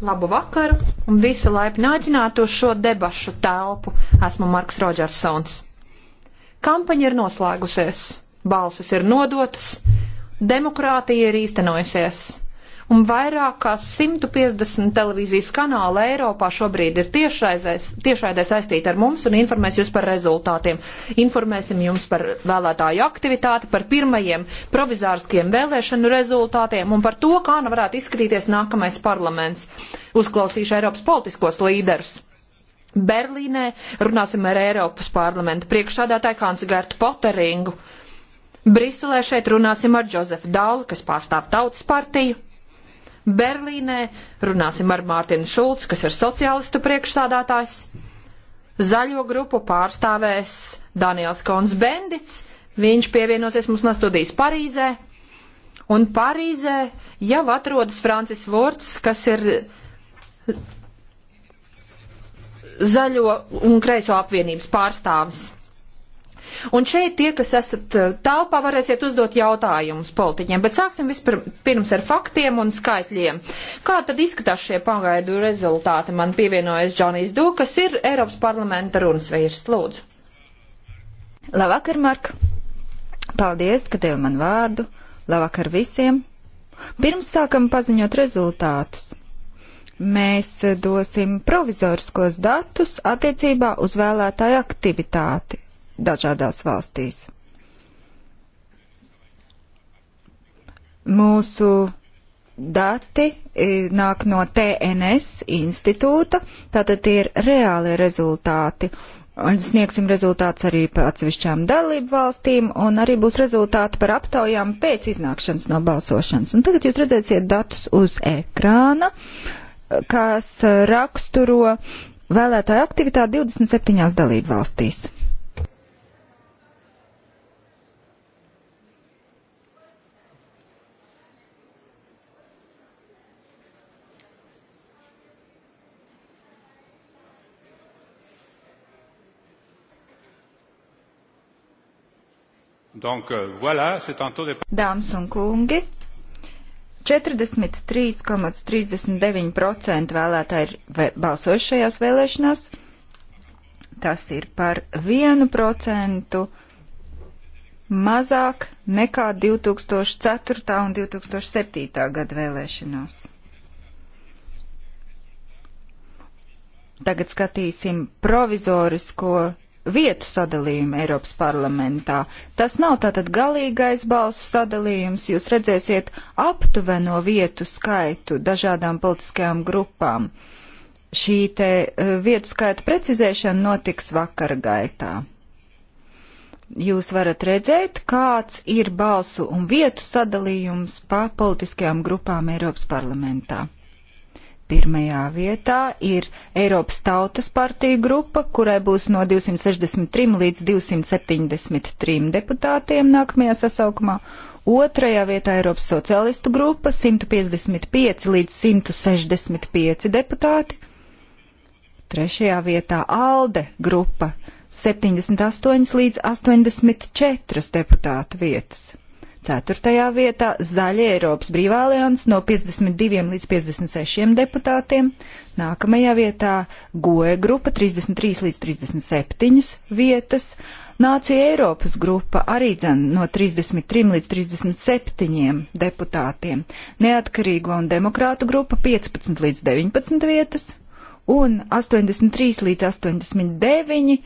Labu vakaru un visu laipni aicinātu uz šo debašu telpu. Esmu Marks Rodžersons. Kampaņa ir noslēgusies, balsis ir nodotas, demokrātija ir īstenojusies un vairāk kā 150 televīzijas kanāli Eiropā šobrīd ir tiešraidē saistīti ar mums un informēs jūs par rezultātiem. Informēsim jums par vēlētāju aktivitāti, par pirmajiem provizārskiem vēlēšanu rezultātiem un par to, kā nu varētu izskatīties nākamais parlaments. Uzklausīšu Eiropas politiskos līderus. Berlīnē runāsim ar Eiropas parlamenta priekšsādātāju kanclertu Poteringu. Briselē šeit runāsim ar Džozefu Dālu, kas pārstāv Tautas partiju. Berlīnē. Runāsim ar Mārtiņu Šulcu, kas ir sociālistu priekšstādātājs. Zaļo grupu pārstāvēs Daniels Kons Bendits. Viņš pievienosies mums no studijas Parīzē. Un Parīzē jau atrodas Francis Vorts, kas ir zaļo un kreiso apvienības pārstāvis. Un šeit tie, kas esat eh, telpā, varēsiet uzdot jautājumus politiķiem, bet sāksim vispirms ar faktiem un skaitļiem. Kā tad izskatās šie pagaidu rezultāti? Man pievienojas Džonijs Du, kas ir Eiropas parlamenta runas vīrs. Lūdzu. Labvakar, Mark! Paldies, ka tev man vārdu. Labvakar visiem! Pirms sākam paziņot rezultātus mēs dosim provizoriskos datus attiecībā uz vēlētāju aktivitāti dažādās valstīs. Mūsu dati e, nāk no TNS institūta, tātad tie ir reāli rezultāti. Un sniegsim rezultātus arī par atsevišķām dalību valstīm, un arī būs rezultāti par aptaujām pēc iznākšanas no balsošanas. Un tagad jūs redzēsiet datus uz ekrāna, kas raksturo vēlētāju aktivitāti 27 dalību valstīs. Donc, euh, voilà, de... Dāmas un kungi, 43,39% vēlētāji ir balsojuši šajās vēlēšanās. Tas ir par 1% mazāk nekā 2004. un 2007. gada vēlēšanās. Tagad skatīsim provizorisko vietu sadalījumu Eiropas parlamentā. Tas nav tātad galīgais balsu sadalījums, jūs redzēsiet aptuveno vietu skaitu dažādām politiskajām grupām. Šī te eh, vietu skaita precizēšana notiks vakar gaitā. Jūs varat redzēt, kāds ir balsu un vietu sadalījums pa politiskajām grupām Eiropas parlamentā. Pirmajā vietā ir Eiropas Tautas partija grupa, kurai būs no 263 līdz 273 deputātiem nākamajā sasaukumā. Otrajā vietā Eiropas Socialistu grupa 155 līdz 165 deputāti. Trešajā vietā ALDE grupa 78 līdz 84 deputātu vietas. Ceturtajā vietā Zaļie Eiropas Brīvā alians no 52 līdz 56 deputātiem. Nākamajā vietā Goe grupa 33 līdz 37 vietas. Nācija Eiropas grupa arī dzen no 33 līdz 37 deputātiem. Neatkarīgo un demokrātu grupa 15 līdz 19 vietas. Un 83 līdz 89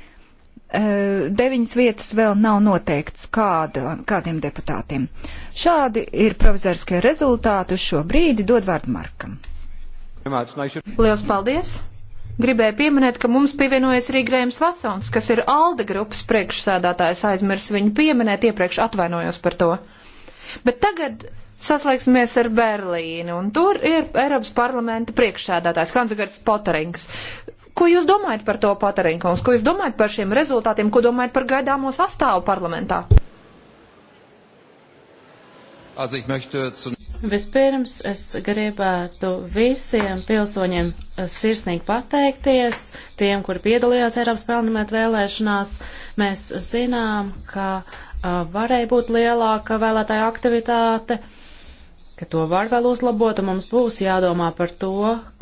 Eh, deviņas vietas vēl nav noteikts kāda, kādiem deputātiem. Šādi ir provizoriskie rezultāti uz šo brīdi. Dod vārdu Markam. Lielas paldies! Gribēju pieminēt, ka mums pievienojas arī Grējums Vatsons, kas ir Alde grupas priekšsēdātājs. Aizmirs viņu pieminēt iepriekš, atvainojos par to. Bet tagad saslēgsimies ar Berlīnu, un tur ir Eiropas parlamenta priekšsēdātājs Hansagards Poterings. Ko jūs domājat par to, Paterinkungs? Ko jūs domājat par šiem rezultātiem? Ko domājat par gaidāmo sastāvu parlamentā? Vispirms es gribētu visiem pilsoņiem eh, sirsnīgi pateikties, tiem, kuri piedalījās Eiropas parlamentu vēlēšanās. Mēs zinām, ka eh, varēja būt lielāka vēlētāja aktivitāte. Uh, ka to var vēl uzlabot, un mums būs jādomā par to,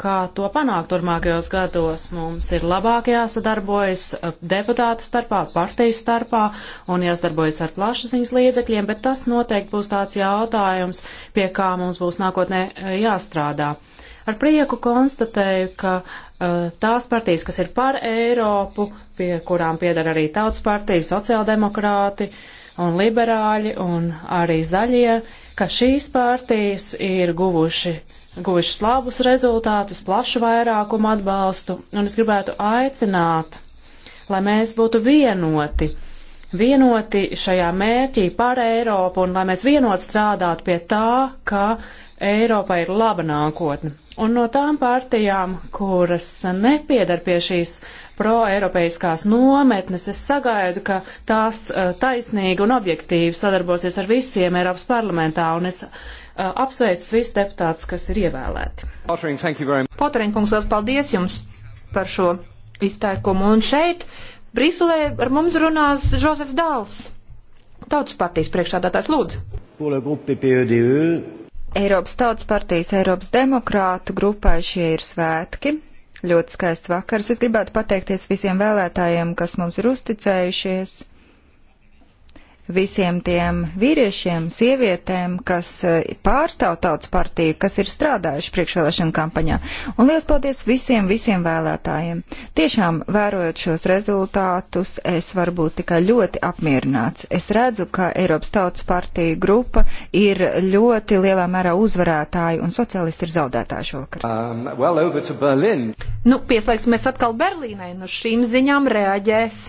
kā to panākt turmākajos gados. Mums ir labāk jāsadarbojas deputātu starpā, partiju starpā, un jāsadarbojas ar plašsaziņas līdzekļiem, bet tas noteikti būs tāds jautājums, pie kā mums būs nākotnē eh, jāstrādā. Ar prieku konstatēju, ka eh, tās partijas, kas ir par Eiropu, pie kurām piedara arī tautas partija, sociāldemokrāti un liberāļi un arī zaļie, ka šīs partijas ir guvuši, guvušas labus rezultātus, plašu vairākumu atbalstu, un es gribētu aicināt, lai mēs būtu vienoti, vienoti šajā mērķī par Eiropu, un lai mēs vienot strādātu pie tā, ka Eiropa ir laba nākotne. Un no tām partijām, kuras nepiedar pie šīs proeiropeiskās nometnes, es sagaidu, ka tās eh, taisnīgi un objektīvi sadarbosies ar visiem Eiropas parlamentā, un es eh, apsveicu visus deputātus, kas ir ievēlēti. Poteriņ, kungs, liels paldies jums par šo izteikumu. Un šeit, Briselē, ar mums runās Žozefs Dāls, Tautas partijas priekšādātājs Lūdzu. Eiropas Tautas partijas Eiropas demokrātu grupai šie ir svētki. Ļoti skaists vakars. Es gribētu pateikties visiem vēlētājiem, kas mums ir uzticējušies visiem tiem vīriešiem, sievietēm, kas eh, pārstāv tautas partiju, kas ir strādājuši priekšvēlēšana kampaņā. Un liels paldies visiem, visiem vēlētājiem. Tiešām, vērojot šos rezultātus, es varu būt tikai ļoti apmierināts. Es redzu, ka Eiropas tautas partija grupa ir ļoti lielā mērā uzvarētāji un sociālisti ir zaudētāji šovakar. Um, well, nu, pieslēgsimies atkal Berlīnai. Nu, šīm ziņām reaģēs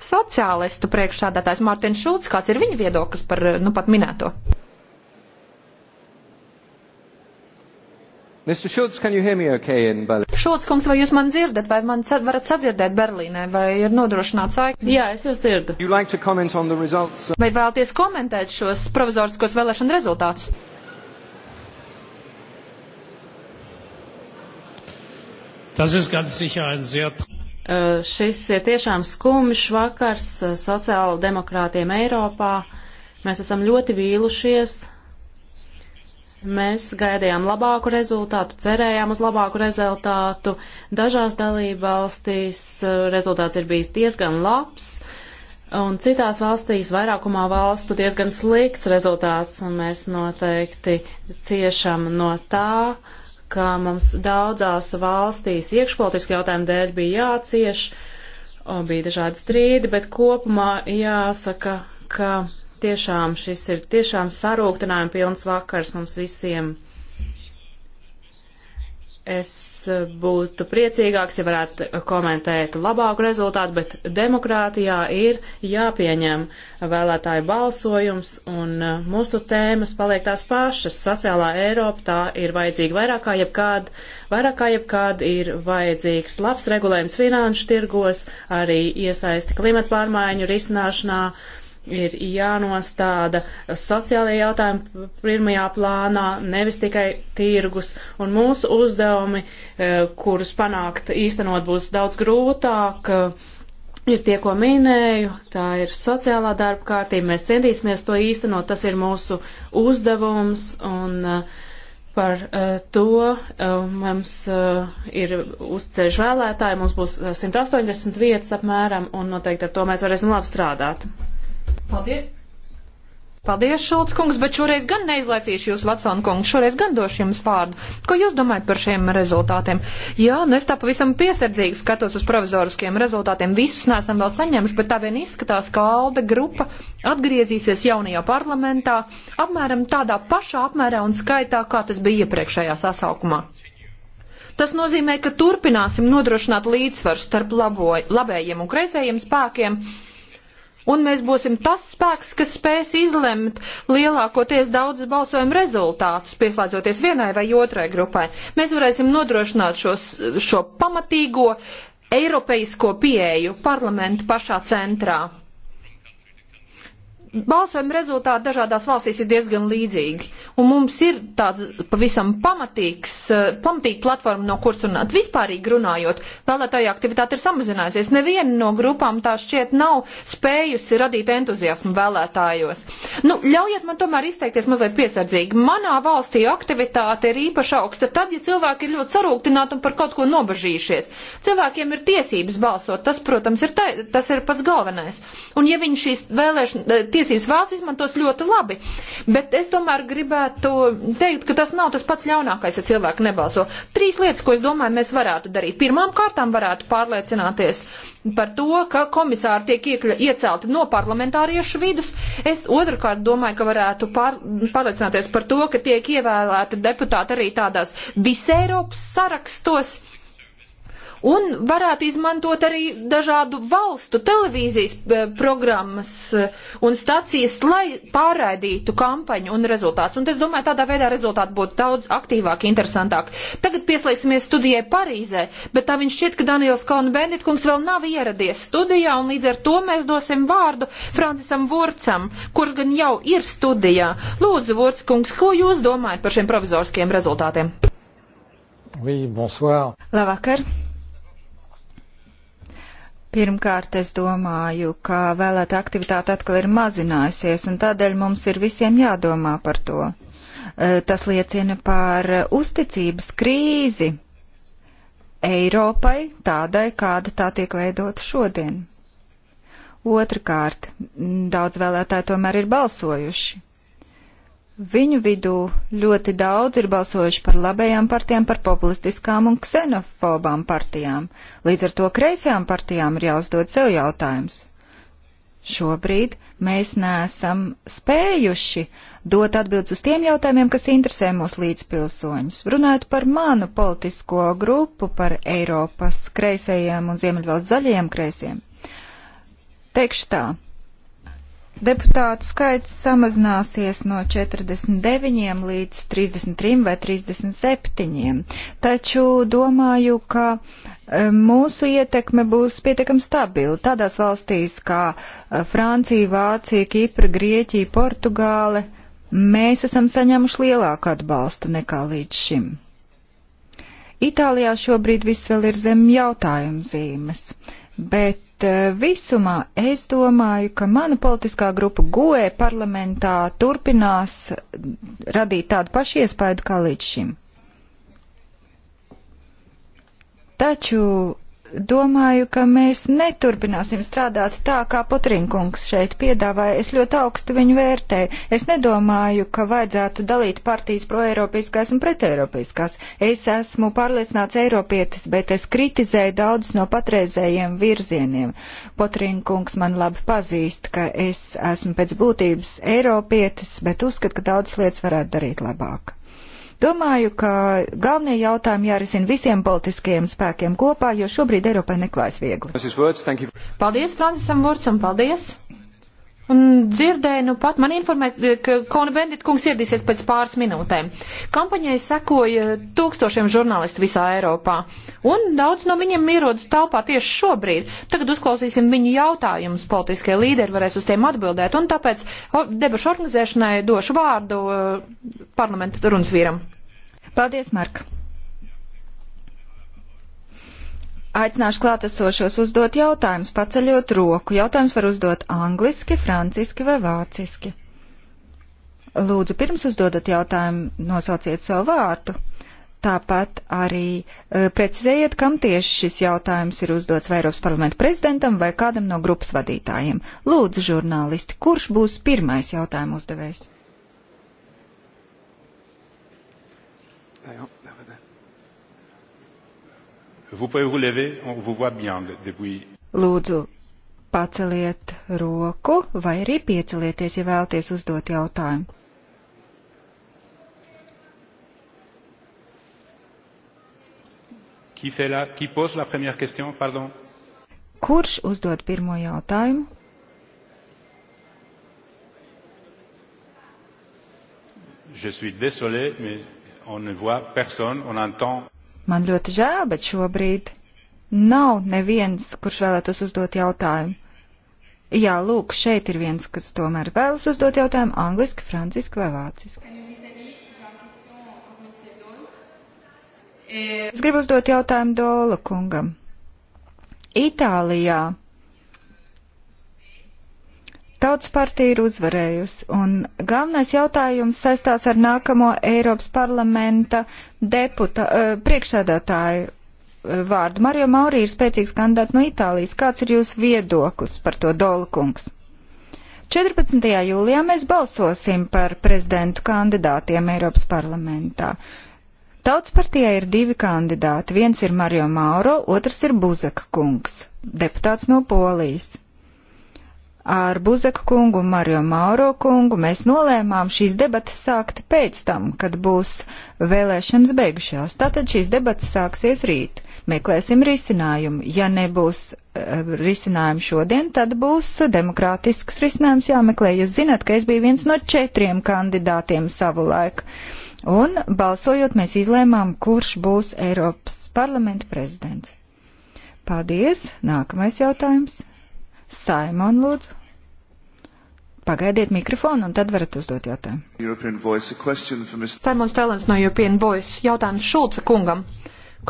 sociālistu priekšsādātājs Mārtiņš Šulcs, kāds ir viņa viedoklis par eh, nu pat minēto? Šulc, okay Šulc, kungs, vai jūs mani dzirdat, vai man sad, varat sadzirdēt Berlīnē, vai ir nodrošināts saikni? Jā, es jūs dzirdu. You like results, uh... Vai vēlties komentēt šos provizoriskos vēlēšanu rezultātus? Tas ir ganz sicher ein sehr Eh, šis ir tiešām skumjš vakars eh, sociāla demokrātiem Eiropā. Mēs esam ļoti vīlušies. Mēs gaidījām labāku rezultātu, cerējām uz labāku rezultātu. Dažās dalībvalstīs eh, rezultāts ir bijis diezgan labs, un citās valstīs vairākumā valstu diezgan slikts rezultāts, un mēs noteikti ciešam no tā. Uh, ka mums daudzās valstīs iekšpolitiski jautājumu dēļ bija jācieš, bija dažādi strīdi, bet kopumā jāsaka, ka tiešām šis ir tiešām sarūktinājumi pilns vakars mums visiem. Es eh, būtu priecīgāks, ja varētu komentēt labāku rezultātu, bet demokrātijā ir jāpieņem vēlētāju balsojums, un eh, mūsu tēmas paliek tās pašas. Sociālā Eiropa tā ir vajadzīga vairāk kā jebkād, vairāk kā jebkād ir vajadzīgs labs regulējums finanšu tirgos, arī iesaisti klimata pārmaiņu risināšanā. Uh, ir jānostāda sociālajie jautājumi pirmajā plānā, nevis tikai tirgus. Un mūsu uzdevumi, eh, kurus panākt īstenot, būs daudz grūtāk. Eh, ir tie, ko minēju, tā ir sociālā darba kārtība, mēs centīsimies to īstenot, tas ir mūsu uzdevums un uh, par uh, to uh, mums uh, ir uzceļš vēlētāji, mums būs 180 vietas apmēram, un noteikti ar to mēs varēsim labi strādāt. Paldies! Paldies, Šulc kungs, bet šoreiz gan neizlaisīšu jūs, Vatsona kungs, šoreiz gan došu jums vārdu. Ko jūs domājat par šiem rezultātiem? Jā, nu es tā pavisam piesardzīgi skatos uz provizoriskiem rezultātiem. Visus nesam vēl saņēmuši, bet tā vien izskatās, ka Alda grupa atgriezīsies jaunajā parlamentā apmēram tādā pašā apmērā un skaitā, kā tas bija iepriekšējā sasaukumā. Tas nozīmē, ka turpināsim nodrošināt līdzsvaru starp labo, labējiem un kreisējiem spēkiem un mēs būsim tas spēks, kas spēs izlemt lielākoties daudzas balsojuma rezultātus, pieslēdzoties vienai vai otrai grupai. Mēs varēsim nodrošināt šos, šo pamatīgo eiropeisko pieeju parlamentu pašā centrā balsojuma rezultāti dažādās valstīs ir diezgan līdzīgi. Un mums ir tāds pavisam pamatīgs, eh, pamatīga platforma, no kuras runāt. Vispārīgi runājot, vēlētāja aktivitāte ir samazinājusies. Neviena no grupām tā šķiet nav spējusi radīt entuziasmu vēlētājos. Nu, ļaujiet man tomēr izteikties mazliet piesardzīgi. Manā valstī aktivitāte ir īpaši augsta tad, ja cilvēki ir ļoti sarūktināti un par kaut ko nobažījušies. Cilvēkiem ir tiesības balsot. Tas, protams, ir, tā, tas ir pats galvenais. Un ja viņi šīs vēlēšana eh, tiesības valsts izmantos ļoti labi. Bet es tomēr gribētu teikt, ka tas nav tas pats ļaunākais, ja cilvēki nebalso. Trīs lietas, ko es domāju, mēs varētu darīt. Pirmām kārtām varētu pārliecināties par to, ka komisāri tiek iekļa, iecelti no parlamentāriešu vidus. Es otrkārt domāju, ka varētu pār, pārliecināties par to, ka tiek ievēlēti deputāti arī tādās visēropas sarakstos un varētu izmantot arī dažādu valstu televīzijas eh, programmas eh, un stacijas, lai pārraidītu kampaņu un rezultātus. Un es domāju, tādā veidā rezultāti būtu daudz aktīvāki, interesantāki. Tagad pieslēgsimies studijai Parīzē, bet tā viņš šķiet, ka Daniels Kaunbenditkungs vēl nav ieradies studijā, un līdz ar to mēs dosim vārdu Francisam Vorcam, kurš gan jau ir studijā. Lūdzu, Vorckungs, ko jūs domājat par šiem provizoriskiem rezultātiem? Oui, bonsoir. Labvakar. Pirmkārt, es domāju, ka vēlēta aktivitāte atkal ir mazinājusies, un tādēļ mums ir visiem jādomā par to. E, tas liecina par uzticības krīzi Eiropai tādai, kāda tā tiek veidota šodien. Otrakārt, daudz vēlētāji tomēr ir balsojuši. Viņu vidū ļoti daudz ir balsojuši par labējām partijām, par populistiskām un ksenofobām partijām. Līdz ar to kreisajām partijām ir jāuzdod sev jautājums. Šobrīd mēs neesam spējuši dot atbildes uz tiem jautājumiem, kas interesē mūsu līdzpilsoņus. Runājot par manu politisko grupu, par Eiropas kreisajiem un Ziemeļvalsts zaļajiem kreisiem, teikšu tā deputātu skaits samazināsies no 49 līdz 33 vai 37, taču domāju, ka e, mūsu ietekme būs pietiekami stabila. Tādās valstīs kā e, Francija, Vācija, Kipra, Grieķija, Portugāle mēs esam saņēmuši lielāku atbalstu nekā līdz šim. Itālijā šobrīd viss vēl ir zem jautājuma zīmes, bet Eh, visumā es domāju, ka mana politiskā grupa GOE parlamentā turpinās radīt tādu pašu iespaidu kā līdz šim. Taču domāju, ka mēs neturpināsim strādāt tā, kā Potrinkungs šeit piedāvāja. Es ļoti augstu viņu vērtēju. Es nedomāju, ka vajadzētu dalīt partijas proeiropiskās un preteiropiskās. Es esmu pārliecināts eiropietis, bet es kritizēju daudz no patreizējiem virzieniem. Potrinkungs man labi pazīst, ka es esmu pēc būtības eiropietis, bet uzskat, ka daudz lietas varētu darīt labāk. Domāju, ka galvenie jautājumi jārisina visiem politiskajiem spēkiem kopā, jo šobrīd Eiropai neklājas viegli. Paldies Francisam Vurcam, paldies! Un dzirdēju, nu pat man informēja, ka Kona Bendita kungs ieradīsies pēc pāris minūtēm. Kampaņai sekoja tūkstošiem žurnālistu visā Eiropā. Un daudz no viņiem ierodas telpā tieši šobrīd. Tagad uzklausīsim viņu jautājumus. Politiskie līderi varēs uz tiem atbildēt. Un tāpēc debašu organizēšanai došu vārdu eh, parlamenta runas vīram. Paldies, Marka! Aicināšu klātesošos uzdot jautājumus, paceļot roku. Jautājums var uzdot angliski, franciski vai vāciski. Lūdzu, pirms uzdodat jautājumu, nosauciet savu vārdu. Tāpat arī uh, precizējiet, kam tieši šis jautājums ir uzdots vai Eiropas parlamenta prezidentam vai kādam no grupas vadītājiem. Lūdzu, žurnālisti, kurš būs pirmais jautājumu uzdevējs? Jā, jā. Vous pouvez vous lever, on vous voit bien depuis. Lūdzu, paceliet roku vai arī piecelieties, ja vēlaties uzdot jautājumu. Qui fait la, qui pose la première question, pardon? Kurš uzdod pirmo jautājumu? Je suis désolé, mais on ne voit personne, on entend Man ļoti žēl, bet šobrīd nav neviens, kurš vēlētos uzdot jautājumu. Jā, lūk, šeit ir viens, kas tomēr vēlas uzdot jautājumu angliski, franciski vai vāciski. Es gribu uzdot jautājumu Dola kungam. Itālijā Tautas partija ir uzvarējusi, un galvenais jautājums saistās ar nākamo Eiropas parlamenta deputa, uh, priekšsēdētāju eh, vārdu. Mario Mauri ir spēcīgs kandidāts no Itālijas. Kāds ir jūsu viedoklis par to, Dolkungs? 14. jūlijā mēs balsosim par prezidentu kandidātiem Eiropas parlamentā. Tautas partijā ir divi kandidāti. Viens ir Mario Mauro, otrs ir Buzaka kungs, deputāts no Polijas ar Buzeku kungu un Mario Mauro kungu mēs nolēmām šīs debatas sākt pēc tam, kad būs vēlēšanas beigušās. Tātad šīs debatas sāksies rīt. Meklēsim risinājumu. Ja nebūs uh, risinājumu šodien, tad būs demokrātisks risinājums jāmeklē. Jūs zināt, ka es biju viens no četriem kandidātiem savu laiku. Un balsojot, mēs izlēmām, kurš būs Eiropas parlamenta prezidents. Paldies! Nākamais jautājums. Saimon, lūdzu. Pagaidiet mikrofonu, un tad varat uzdot jautājumu. Saimons Telens no European Voice. Jautājums Šulca kungam.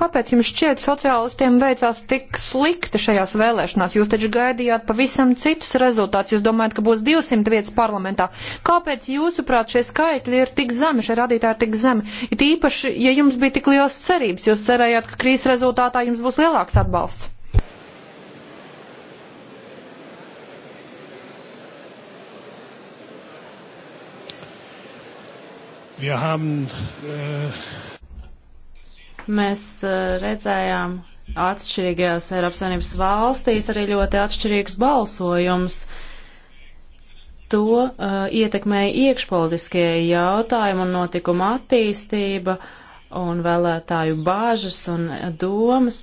Kāpēc jums šķiet sociālistiem veicās tik slikti šajās vēlēšanās? Jūs taču gaidījāt pavisam citus rezultātus. Jūs domājat, ka būs 200 vietas parlamentā. Kāpēc jūsuprāt šie skaitļi ir tik zemi, šie rādītāji ir tik zemi? It īpaši, ja jums bija tik liels cerības, jūs cerējāt, ka krīzes rezultātā jums būs lielāks atbalsts. Wir haben, äh... Mēs äh, redzējām atšķirīgajās Eiropas Savienības valstīs arī ļoti atšķirīgs balsojums. To uh, ietekmēja iekšpolitiskie jautājumi un notikuma attīstība un vēlētāju bāžas un domas.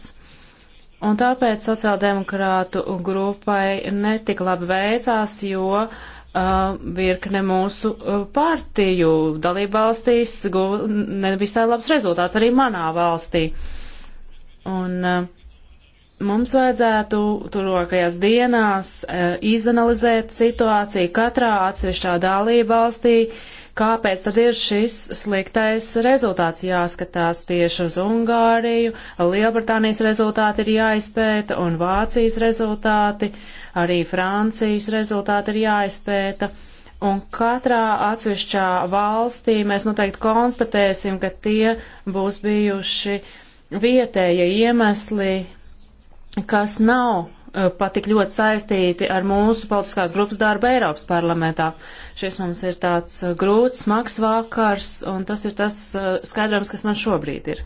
Un tāpēc sociāldemokrātu grupai netik labi veicās, jo uh, Uh, virkne mūsu uh, partiju dalībvalstīs guva nevisai labs rezultāts arī manā valstī. Un uh, mums vajadzētu turokajās dienās izanalizēt situāciju katrā atsevišķā dalībvalstī, kāpēc tad ir šis sliktais rezultāts jāskatās tieši uz Ungāriju, Lielbritānijas rezultāti ir jāizpēta un Vācijas rezultāti. Uh, arī Francijas rezultāti ir jāizpēta. Un katrā atsevišķā valstī mēs noteikti konstatēsim, ka tie būs bijuši vietēja iemesli, kas nav e, pat tik ļoti saistīti ar mūsu politiskās grupas darbu Eiropas parlamentā. Šis mums ir tāds e, grūts, smags vakars, un tas ir tas e, skaidrojums, kas man šobrīd ir.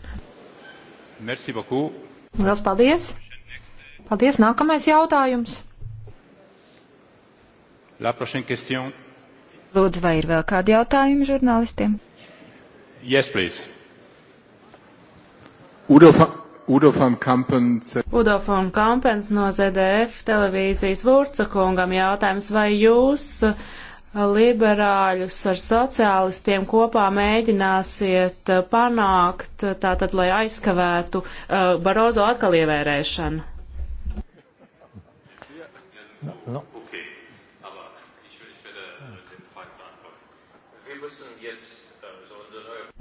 Merci beaucoup. Lielas paldies! Paldies! Nākamais jautājums! Lūdzu, vai ir vēl kādi jautājumi žurnālistiem? Yes, please. Udo, fa Udo van Kampens. Eh, Udo van Kampens no ZDF televīzijas Vurca kungam jautājums, vai jūs eh, liberāļus ar sociālistiem kopā mēģināsiet eh, panākt, tātad, lai aizkavētu uh, Barozo atkal ievērēšanu? No, nu, no. Nu,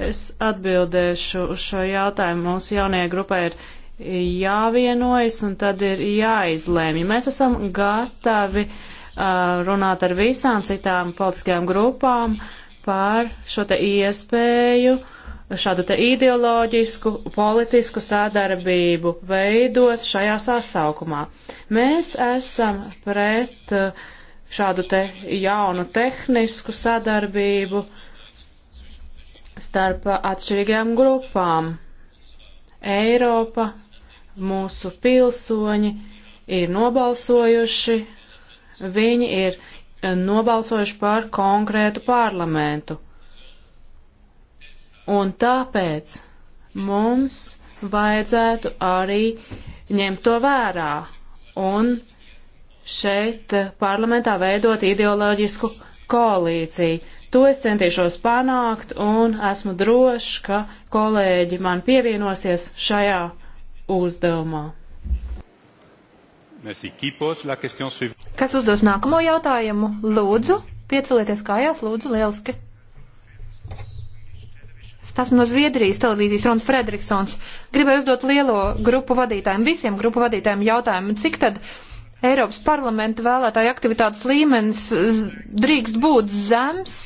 Es atbildēšu uz šo jautājumu. Mūsu jaunajai grupai ir jāvienojas un tad ir jāizlēmj. Mēs esam gatavi uh, runāt ar visām citām politiskajām grupām par šo te iespēju, šādu te ideoloģisku, politisku sadarbību veidot šajā sasaukumā. Mēs esam pret uh, šādu te jaunu tehnisku sadarbību. Uh, starp atšķirīgajām grupām. Eiropa, mūsu pilsoņi ir nobalsojuši, viņi ir eh, nobalsojuši par konkrētu parlamentu. Un tāpēc mums vajadzētu arī ņemt to vērā un šeit parlamentā veidot ideoloģisku koalīciju. To es centīšos panākt un esmu drošs, ka kolēģi man pievienosies šajā uzdevumā. Kas uzdos nākamo jautājumu? Lūdzu, piecelieties kājās, lūdzu, lieliski. Tas no Zviedrijas televīzijas Rons Frederiksons. Gribēju uzdot lielo grupu vadītājiem, visiem grupu vadītājiem jautājumu, cik tad uh, Eiropas parlamenta vēlētāju aktivitātes līmenis drīkst būt zems.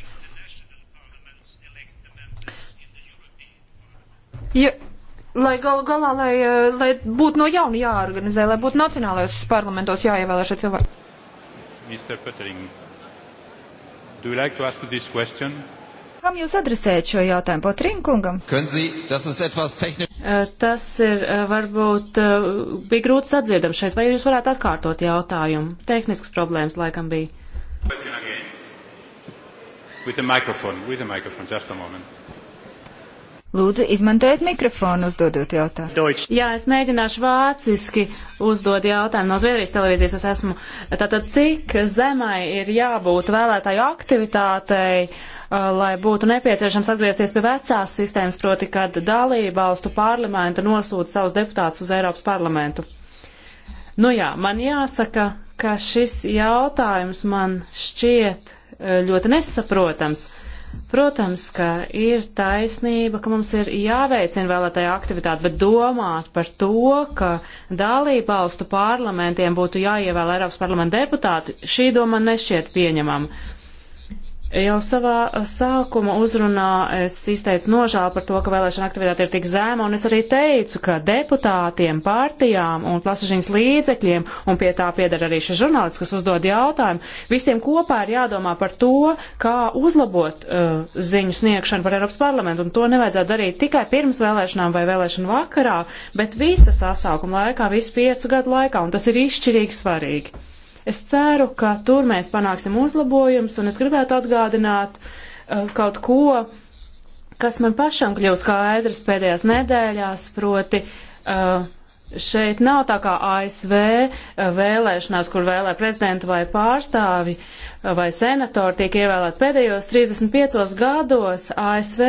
Ja, lai galu galā, lai, eh, lai būtu no jauna jāorganizē, lai būtu nacionālajos parlamentos jāievēlē šie cilvēki. Mr. Petering, do you like to ask this question? Kam jūs adresējat šo jautājumu Potrinkungam? Tas ir varbūt bija grūti sadzirdam šeit, vai jūs varētu atkārtot jautājumu? Tehnisks problēmas laikam bija. With the microphone, with the microphone, just a moment. Lūdzu, izmantojiet mikrofonu, uzdodot jautājumu. Deutsch. Jā, es mēģināšu vāciski uzdot jautājumu. No Zviedrijas televīzijas es esmu. Tātad, cik zemai ir jābūt vēlētāju aktivitātei? Uh, Uh, lai būtu nepieciešams atgriezties pie vecās sistēmas, proti, kad dalība valstu parlamenta nosūta savus deputātus uz Eiropas parlamentu. Nu jā, man jāsaka, ka šis jautājums man šķiet uh, ļoti nesaprotams. Protams, ka ir taisnība, ka mums ir jāveicina vēlētāja aktivitāte, bet domāt par to, ka dalībvalstu parlamentiem būtu jāievēl Eiropas parlamenta deputāti, šī doma nešķiet pieņemama. Jau savā sākuma uzrunā es izteicu nožēlu par to, ka vēlēšana aktivitāte ir tik zēma, un es arī teicu, ka deputātiem, partijām un plasažiņas līdzekļiem, un pie tā piedara arī šis žurnālists, kas uzdod jautājumu, visiem kopā ir jādomā par to, kā uzlabot uh, ziņu sniegšanu par Eiropas parlamentu, un to nevajadzētu darīt tikai pirms vēlēšanām vai vēlēšanu vakarā, bet visa sasaukuma laikā, visu piecu gadu laikā, un tas ir izšķirīgi svarīgi. Es ceru, ka tur mēs panāksim uzlabojums, un es gribētu atgādināt uh, kaut ko, kas man pašam kļūst skaidrs pēdējās nedēļās, proti. Uh, Šeit nav tā kā ASV uh, vēlēšanās, kur vēlē prezidentu vai pārstāvi, uh, vai senatori tiek ievēlēti pēdējos 35 gados, ASV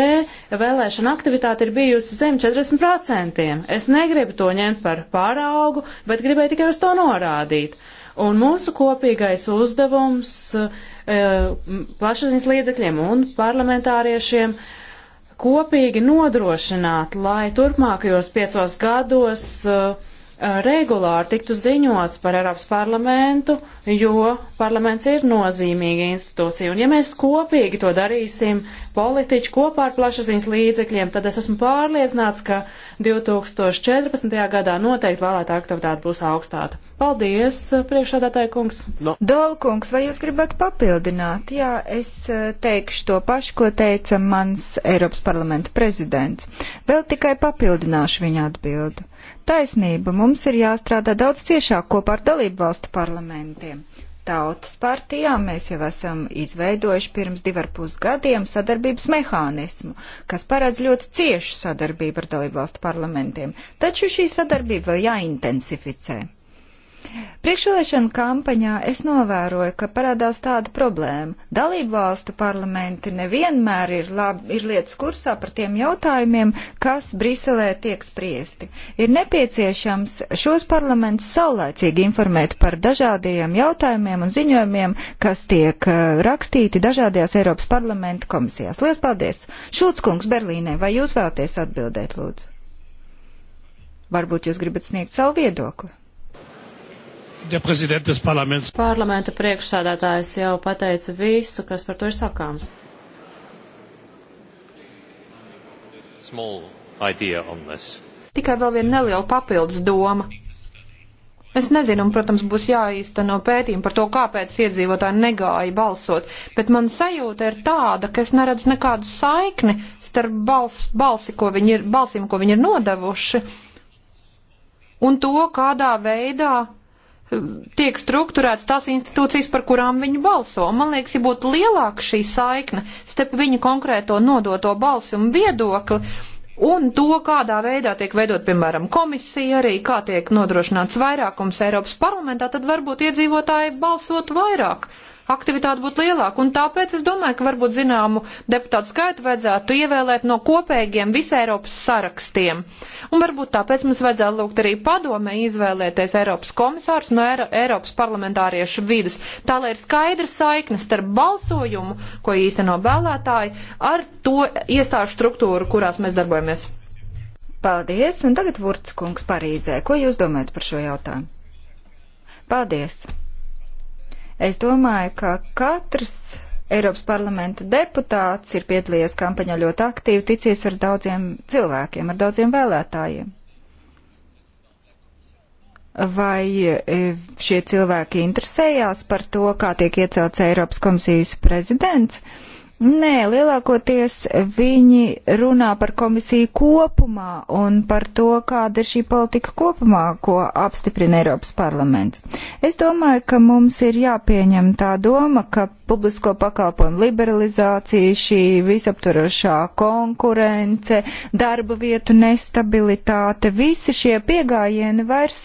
vēlēšana aktivitāte ir bijusi zem 40%. Es negribu to ņemt par pāraugu, bet gribēju tikai uz to norādīt. Un mūsu kopīgais uzdevums e, plašsaziņas līdzekļiem un parlamentāriešiem kopīgi nodrošināt, lai turpmākajos piecos gados uh, e, Eh, regulāri tiktu ziņots par Eiropas parlamentu, jo parlaments ir nozīmīga institūcija. Un ja mēs kopīgi to darīsim, politiķi kopā ar plašsaziņas līdzekļiem, tad es esmu pārliecināts, ka 2014. gadā noteikti vēlētā aktivitāte būs augstāka. Paldies, eh, priekšsādātāja kungs. No. Dolkungs, vai jūs gribat papildināt? Jā, es eh, teikšu to pašu, ko teica mans Eiropas parlamenta prezidents. Vēl tikai papildināšu viņa atbildi taisnība. Mums ir jāstrādā daudz ciešāk kopā ar dalību valstu parlamentiem. Tautas partijā mēs jau esam izveidojuši pirms divar pus gadiem sadarbības mehānismu, kas paredz ļoti ciešu sadarbību ar dalību valstu parlamentiem. Taču šī sadarbība vēl jāintensificē. Priekšvēlēšana kampaņā es novēroju, ka parādās tāda problēma. Dalību valstu parlamenti nevienmēr ir, lab, ir lietas kursā par tiem jautājumiem, kas Briselē tiek spriesti. Ir nepieciešams šos parlamentus saulēcīgi informēt par dažādajiem jautājumiem un ziņojumiem, kas tiek uh, rakstīti dažādajās Eiropas parlamenta komisijās. Lielas paldies! Šulc kungs Berlīnē, vai jūs vēlaties atbildēt, lūdzu? Varbūt jūs gribat sniegt savu viedokli? Parlamenta priekšsādātājs jau pateica visu, kas par to ir sakāms. Tikai vēl viena neliela papildus doma. Es nezinu, un, protams, būs jāīsteno pētījumi par to, kāpēc iedzīvotāji negāja balsot, bet man sajūta ir tāda, ka es neredzu nekādu saikni starp bals, balsi, ko viņi ir, balsīm, ko viņi ir nodevuši, un to, kādā veidā tiek strukturēts tās institūcijas, par kurām viņi balso. Un, man liekas, ja būtu lielāka šī saikne starp viņu konkrēto nodoto balsi un viedokli, un to, kādā veidā tiek veidot, piemēram, komisija arī, kā tiek nodrošināts vairākums Eiropas parlamentā, tad varbūt iedzīvotāji balsot vairāk aktivitāte būtu lielāka. Un tāpēc es domāju, ka varbūt zināmu deputātu skaitu vajadzētu ievēlēt no kopējiem visai Eiropas sarakstiem. Un varbūt tāpēc mums vajadzētu lūgt arī padomē izvēlēties Eiropas komisārus no Eiropas parlamentāriešu vidas, tā lai ir skaidra saikne starp balsojumu, ko īsteno vēlētāji, ar to iestāžu struktūru, kurās mēs darbojamies. Paldies, un tagad Vurts kungs Parīzē. Ko jūs domājat par šo jautājumu? Paldies! Es domāju, ka katrs Eiropas parlamenta deputāts ir piedalījies kampaņā ļoti aktīvi, ticies ar daudziem cilvēkiem, ar daudziem vēlētājiem. Vai e, šie cilvēki interesējās par to, kā tiek iecelts Eiropas komisijas prezidents? Uh, Nē, lielākoties viņi runā par komisiju kopumā un par to, kāda ir šī politika kopumā, ko apstiprina Eiropas parlaments. Es domāju, ka mums ir jāpieņem tā doma, ka publisko pakalpojumu liberalizācija, šī visaptvarošā konkurence, darba vietu nestabilitāte, visi šie piegājieni vairs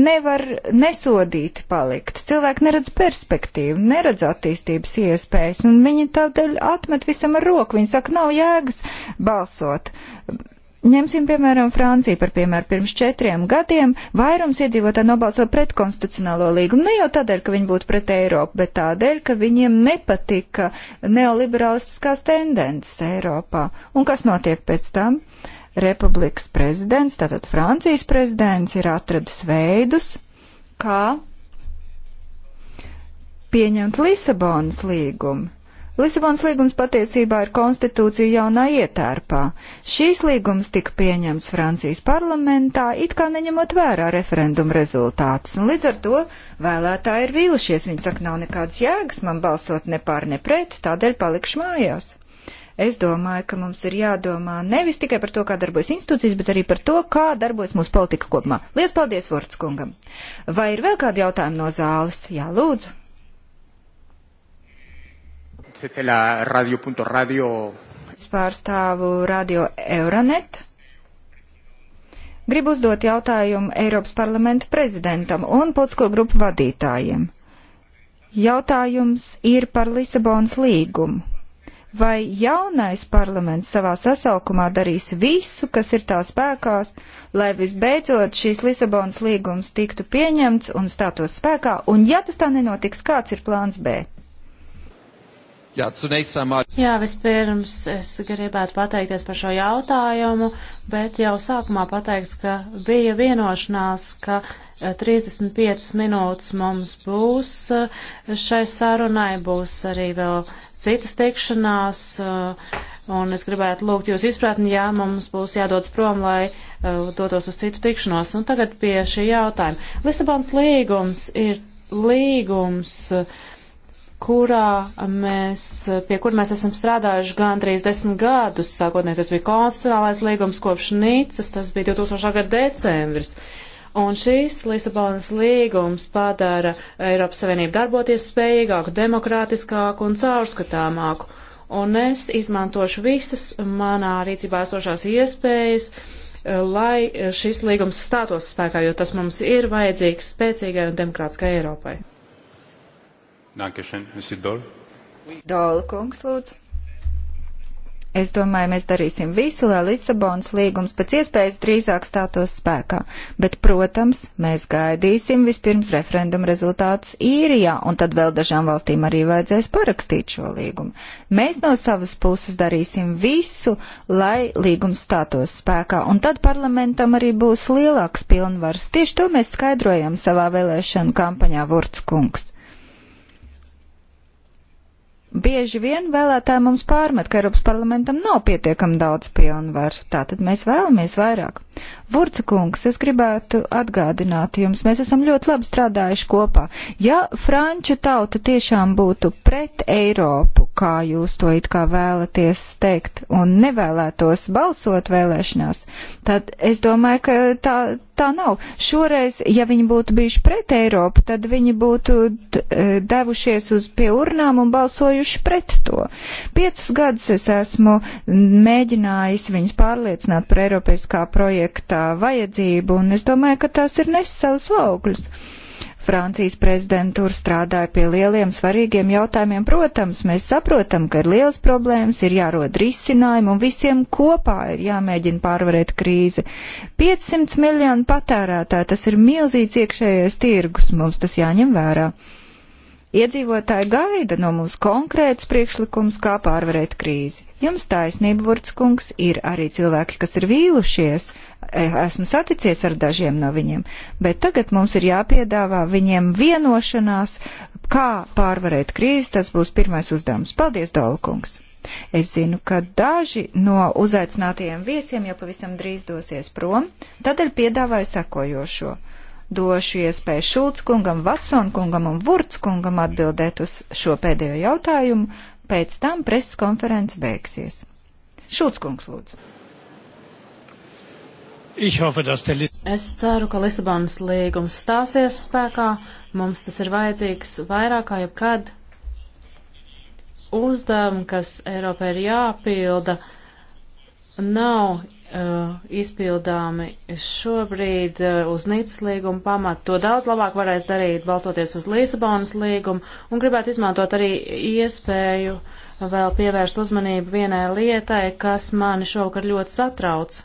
nevar nesodīti palikt. Cilvēki neredz perspektīvu, neredz attīstības iespējas, un viņi tādēļ atmet visam ar roku. Viņi saka, nav jēgas balsot Ņemsim, piemēram, Franciju par piemēru. Pirms četriem gadiem vairums iedzīvotāji nobalso pret konstitucionālo līgumu. Ne jau tādēļ, ka viņi būtu pret Eiropu, bet tādēļ, ka viņiem nepatika neoliberālistiskās tendences Eiropā. Un kas notiek pēc tam? Republikas prezidents, tātad Francijas prezidents, ir atradis veidus, kā pieņemt Lisabonas līgumu Lisabonas līgums patiesībā ir konstitūcija jaunā ietērpā. Šīs līgums tika pieņemts Francijas parlamentā, it kā neņemot vērā referendumu rezultātus, un līdz ar to vēlētāji ir vīlušies. Viņi saka, nav nekādas jēgas man balsot ne pār ne pret, tādēļ palikšu mājās. Es domāju, ka mums ir jādomā nevis tikai par to, kā darbojas institūcijas, bet arī par to, kā darbojas mūsu politika kopumā. Lielas paldies Vortskungam! Vai ir vēl kādi jautājumi no zāles? Jā, lūdzu! etcétera, radio, radio. Es pārstāvu radio Euronet. Gribu uzdot jautājumu Eiropas parlamenta prezidentam un Polsko grupu vadītājiem. Jautājums ir par Lisabonas līgumu. Vai jaunais parlaments savā sasaukumā darīs visu, kas ir tā spēkās, lai visbeidzot šīs Lisabonas līgums tiktu pieņemts un stātos spēkā, un ja tas tā nenotiks, kāds ir plāns B? Jā, Jā, vispirms es gribētu pateikties par šo jautājumu, bet jau sākumā pateikts, ka bija vienošanās, ka 35 eh, minūtes mums būs eh, šai sarunai, būs arī vēl citas tikšanās, eh, un es gribētu lūgt jūs izpratni, ja mums būs jādodas prom, lai dotos uz citu tikšanos. Un tagad pie šī jautājuma. Lisabons līgums ir līgums kurā mēs, pie kur mēs esam strādājuši gan 30 gadus, sākotnēji tas bija konstitucionālais līgums kopš Nīcas, tas bija 2000. gada decembris. Un šīs Lisabonas līgums padara Eiropas Savienību darboties spējīgāku, demokrātiskāku un caurskatāmāku. Un es izmantošu visas manā rīcībā esošās iespējas, eh, lai šis līgums stātos spēkā, jo tas mums ir vajadzīgs spēcīgai un demokrātiskai Eiropai. Dankeschön, Monsieur Dol. Dola kungs, lūdzu. Es domāju, mēs darīsim visu, lai Lisabonas līgums pēc iespējas drīzāk stātos spēkā. Bet, protams, mēs gaidīsim vispirms referendumu rezultātus īrijā, un tad vēl dažām valstīm arī vajadzēs parakstīt šo līgumu. Mēs no savas puses darīsim visu, lai līgums stātos spēkā, un tad parlamentam arī būs lielāks pilnvars. Tieši to mēs skaidrojam savā vēlēšanu kampaņā Vurts kungs bieži vien vēlētāji mums pārmet, ka Eiropas parlamentam nav pietiekami daudz pilnvaru. Tātad mēs vēlamies vairāk. Burca kungs, es gribētu atgādināt jums, mēs esam ļoti labi strādājuši kopā. Ja franču tauta tiešām būtu pret Eiropu, kā jūs to it kā vēlaties teikt, un nevēlētos balsot vēlēšanās, tad es domāju, ka tā, tā nav. Šoreiz, ja viņi būtu bijuši pret Eiropu, tad viņi būtu e, devušies uz pie urnām un balsojuši pret to. Piecus gadus es esmu mēģinājis viņus pārliecināt par Eiropaiskā projekta maksā vajadzību, un es domāju, ka tās ir nes savus augļus. Francijas prezidentūra strādāja pie lieliem svarīgiem jautājumiem. Protams, mēs saprotam, ka ir liels problēmas, ir jārod risinājumi un visiem kopā ir jāmēģina pārvarēt krīzi. 500 miljonu patērētāji, tas ir milzīgs iekšējais tirgus, mums tas jāņem vērā. Iedzīvotāji gaida no mums konkrētus priekšlikumus, kā pārvarēt krīzi. Jums taisnība, Vurtskungs, ir arī cilvēki, kas ir vīlušies. E, esmu saticies ar dažiem no viņiem, bet tagad mums ir jāpiedāvā viņiem vienošanās, kā pārvarēt krīzi. Tas būs pirmais uzdevums. Paldies, Dolkungs! Es zinu, ka daži no uzaicinātajiem viesiem jau pavisam drīz dosies prom, tādēļ piedāvāju sekojošo. Došu iespēju Šulc kungam, Vatson kungam un Vurts kungam atbildēt uz šo pēdējo jautājumu, pēc tam preses konference beigsies. Šūts kungs lūdzu. Es ceru, ka Lisabonas līgums stāsies spēkā. Mums tas ir vajadzīgs vairāk kā jebkad. Uzdevumi, kas Eiropai ir jāpilda, nav uh, izpildāmi šobrīd uh, uz Nīcas līguma pamatu. To daudz labāk varēs darīt balstoties uz Līsabonas līgumu un gribētu izmantot arī iespēju vēl pievērst uzmanību vienai lietai, kas mani šovakar ļoti satrauc.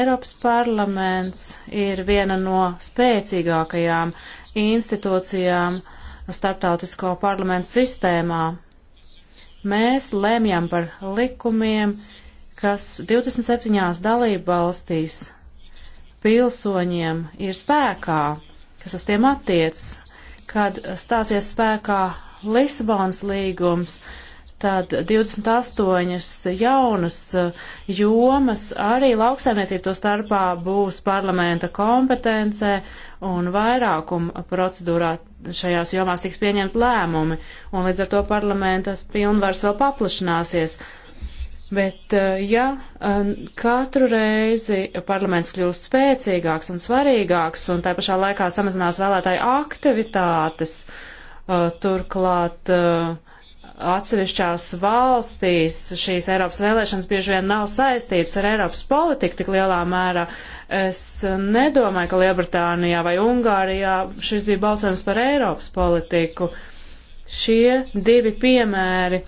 Eiropas parlaments ir viena no spēcīgākajām institūcijām starptautisko parlamentu sistēmā. Mēs lemjam par likumiem, uh, kas 27 dalību valstīs pilsoņiem ir spēkā, kas uz tiem attiecas, kad stāsies spēkā Lisabonas līgums, tad 28 jaunas uh, jomas arī lauksaimniecību to starpā būs parlamenta kompetencē un vairākuma procedūrā šajās jomās tiks pieņemt lēmumi, un līdz ar to parlamenta pilnvars vēl paplašināsies. Bet, eh, ja eh, katru reizi parlaments kļūst spēcīgāks un svarīgāks, un tā pašā laikā samazinās vēlētāju aktivitātes, eh, turklāt atsevišķās valstīs šīs Eiropas vēlēšanas bieži vien nav saistītas ar Eiropas politiku tik lielā mērā, es nedomāju, ka Lielbritānijā vai Ungārijā šis bija balsojums par Eiropas politiku. Šie divi piemēri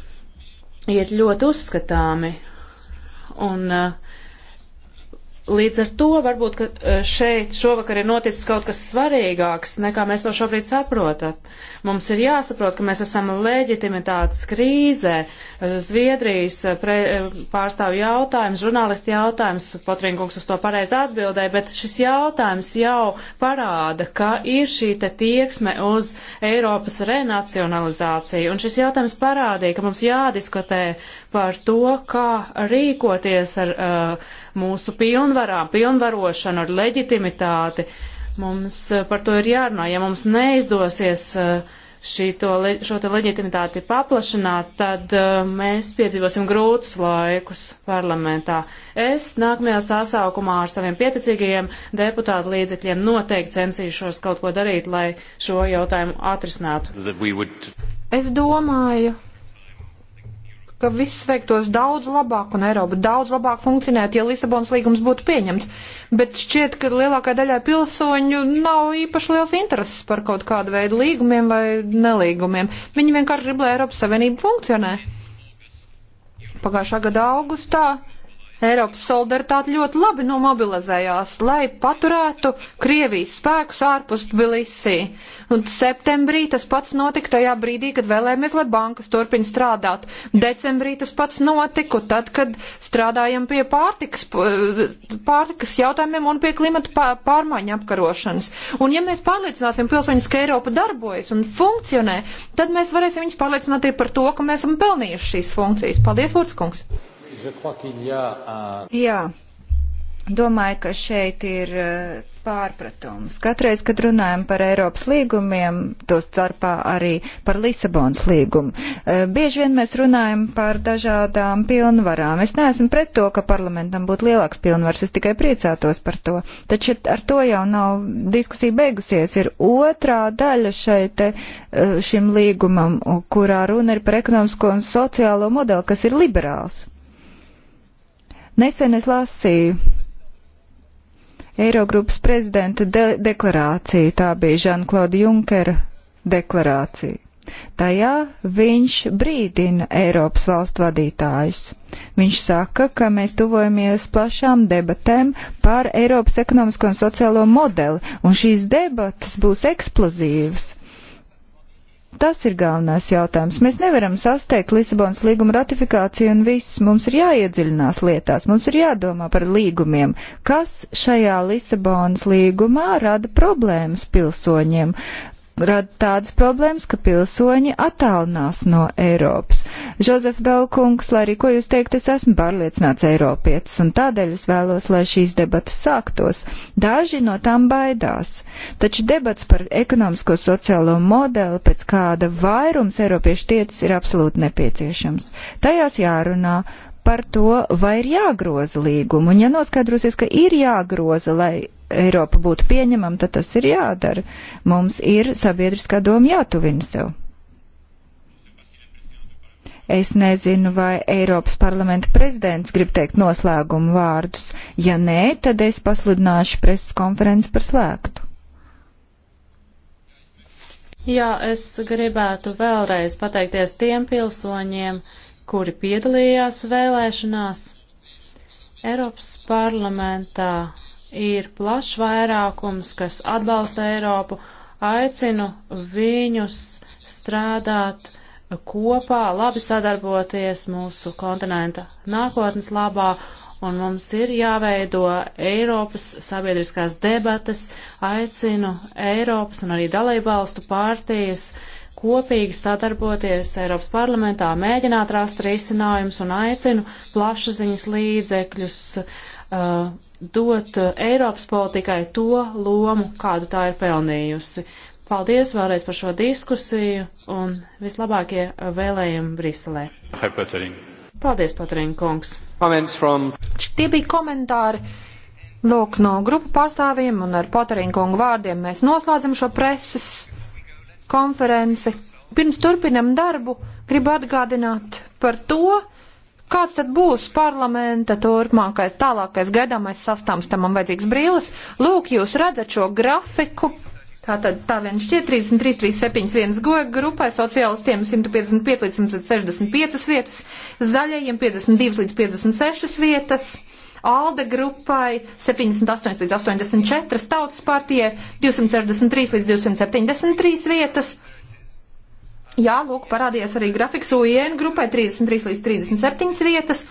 ir ļoti uzskatāmi. Un uh, Līdz ar to varbūt eh, šeit šovakar ir noticis kaut kas svarīgāks, nekā mēs to šobrīd saprotam. Mums ir jāsaprot, ka mēs esam leģitimitātes krīzē. Eh, Zviedrijas eh, pre, pārstāvju jautājums, žurnālisti jautājums, Potrinkungs uz to pareizi atbildēja, bet šis jautājums jau parāda, ka ir šī te tieksme uz Eiropas renacionalizāciju. Un šis jautājums parādīja, ka mums jādiskutē par to, kā rīkoties ar. Uh, mūsu pilnvarām, pilnvarošanu, ar leģitimitāti. Mums eh, par to ir jārunā. Ja mums neizdosies eh, to, šo te leģitimitāti paplašināt, tad eh, mēs piedzīvosim grūtus laikus parlamentā. Es nākamajā sasaukumā ar saviem pieticīgajiem deputātu līdzekļiem noteikti censīšos kaut ko darīt, lai šo jautājumu atrisinātu. Es domāju, ka viss veiktos daudz labāk un Eiropa daudz labāk funkcionētu, ja Lisabons līgums būtu pieņemts. Bet šķiet, ka lielākai daļai pilsoņu nav īpaši liels intereses par kaut kādu veidu līgumiem vai nelīgumiem. Viņi vienkārši grib, lai Eiropas Savienība funkcionē. Pagājušā gada augustā Eiropas solidaritāte ļoti labi nomobilizējās, lai paturētu Krievijas spēkus ārpus Tbilisī. Un septembrī tas pats notika tajā brīdī, kad vēlējāmies, lai bankas turpina strādāt. Decembrī tas pats notika, tad, kad strādājam pie pārtikas, pārtikas jautājumiem un pie klimata pārmaiņu apkarošanas. Un ja mēs pārliecināsim pilsoņus, ka Eiropa darbojas un funkcionē, tad mēs varēsim viņus pārliecināt arī par to, ka mēs esam pelnījuši šīs funkcijas. Paldies, Vurtskungs! Jā, domāju, ka šeit ir eh, pārpratums. Katreiz, kad runājam par Eiropas līgumiem, to starpā arī par Lisabonas līgumu, eh, bieži vien mēs runājam par dažādām pilnvarām. Es neesmu pret to, ka parlamentam būtu lielāks pilnvars, es tikai priecātos par to. Taču ar to jau nav diskusija beigusies. Ir otrā daļa šeit eh, šim līgumam, kurā runa ir par ekonomisko un sociālo modeli, kas ir liberāls. Nesen es lasīju Eirogrupas prezidenta de deklarāciju, tā bija Žanklauda Junkera deklarācija. Tajā viņš brīdina Eiropas valstu vadītājus. Viņš saka, ka mēs tuvojamies plašām debatēm par Eiropas ekonomisko un sociālo modeli, un šīs debatas būs eksplozīvas Tas ir galvenais jautājums. Mēs nevaram sasteikt Lisabonas līguma ratifikāciju un viss. Mums ir jāiedziļinās lietās, mums ir jādomā par līgumiem, kas šajā Lisabonas līgumā rada problēmas pilsoņiem rada tādas problēmas, ka pilsoņi attālinās no Eiropas. Žozef Dalkungs, lai arī ko jūs teikt, es esmu pārliecināts Eiropietis, un tādēļ es vēlos, lai šīs debatas sāktos. Daži no tām baidās, taču debats par ekonomisko sociālo modeli, pēc kāda vairums Eiropiešu tiecas, ir absolūti nepieciešams. Tajās jārunā par to, vai ir jāgroza līgumu, un ja noskaidrosies, ka ir jāgroza, lai Eiropa būtu pieņemama, tad tas ir jādara. Mums ir sabiedriskā doma jātuvina sev. Es nezinu, vai Eiropas parlamenta prezidents grib teikt noslēgumu vārdus. Ja nē, tad es pasludināšu preses konferenci par slēgtu. Jā, es gribētu vēlreiz pateikties tiem pilsoņiem, kuri piedalījās vēlēšanās Eiropas parlamentā ir plašs vairākums, kas atbalsta Eiropu. Aicinu viņus strādāt kopā, labi sadarboties mūsu kontinenta nākotnes labā, un mums ir jāveido Eiropas sabiedriskās debates. Aicinu Eiropas un arī dalībvalstu pārtīs kopīgi sadarboties Eiropas parlamentā, mēģināt rast risinājumus un aicinu plašsaziņas līdzekļus. Uh, dot uh, Eiropas politikai to lomu, kādu tā ir pelnījusi. Paldies vēlreiz par šo diskusiju un vislabākie uh, vēlējumi Briselē. Paldies, Patrīna kungs. From... Tie bija komentāri. Lūk, no grupu pārstāvjiem un ar Patrīna kungu vārdiem mēs noslēdzam šo preses konferenci. Pirms turpinam darbu, gribu atgādināt par to, Kāds tad būs parlamenta turpmākais, tālākais gaidāmais sastāvs, tam man vajadzīgs brīlis? Lūk, jūs redzat šo grafiku. Tātad tā vien šķiet 33, 37, 1 goja grupai, sociālistiem 155 līdz 165 vietas, zaļajiem 52 līdz 56 vietas, ALDE grupai 78 līdz 84, tautas partijai 263 līdz 273 vietas, Jā, lūk, parādījās arī grafiks UN grupai 33 līdz 37 vietas,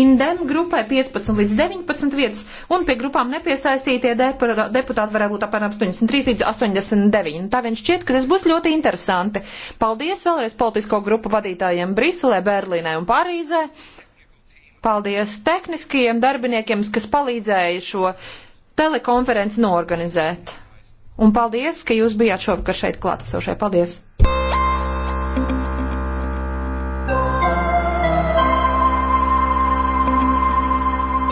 INDEM grupai 15 līdz 19 vietas, un pie grupām nepiesaistītie deputāti varētu būt apmēram 83 līdz 89. Un tā vien šķiet, ka tas būs ļoti interesanti. Paldies vēlreiz politisko grupu vadītājiem Briselē, Berlīnē un Parīzē. Paldies tehniskajiem darbiniekiem, kas palīdzēja šo telekonferenci norganizēt. Un paldies, ka jūs bijāt šovakar šeit klātesošai. Paldies!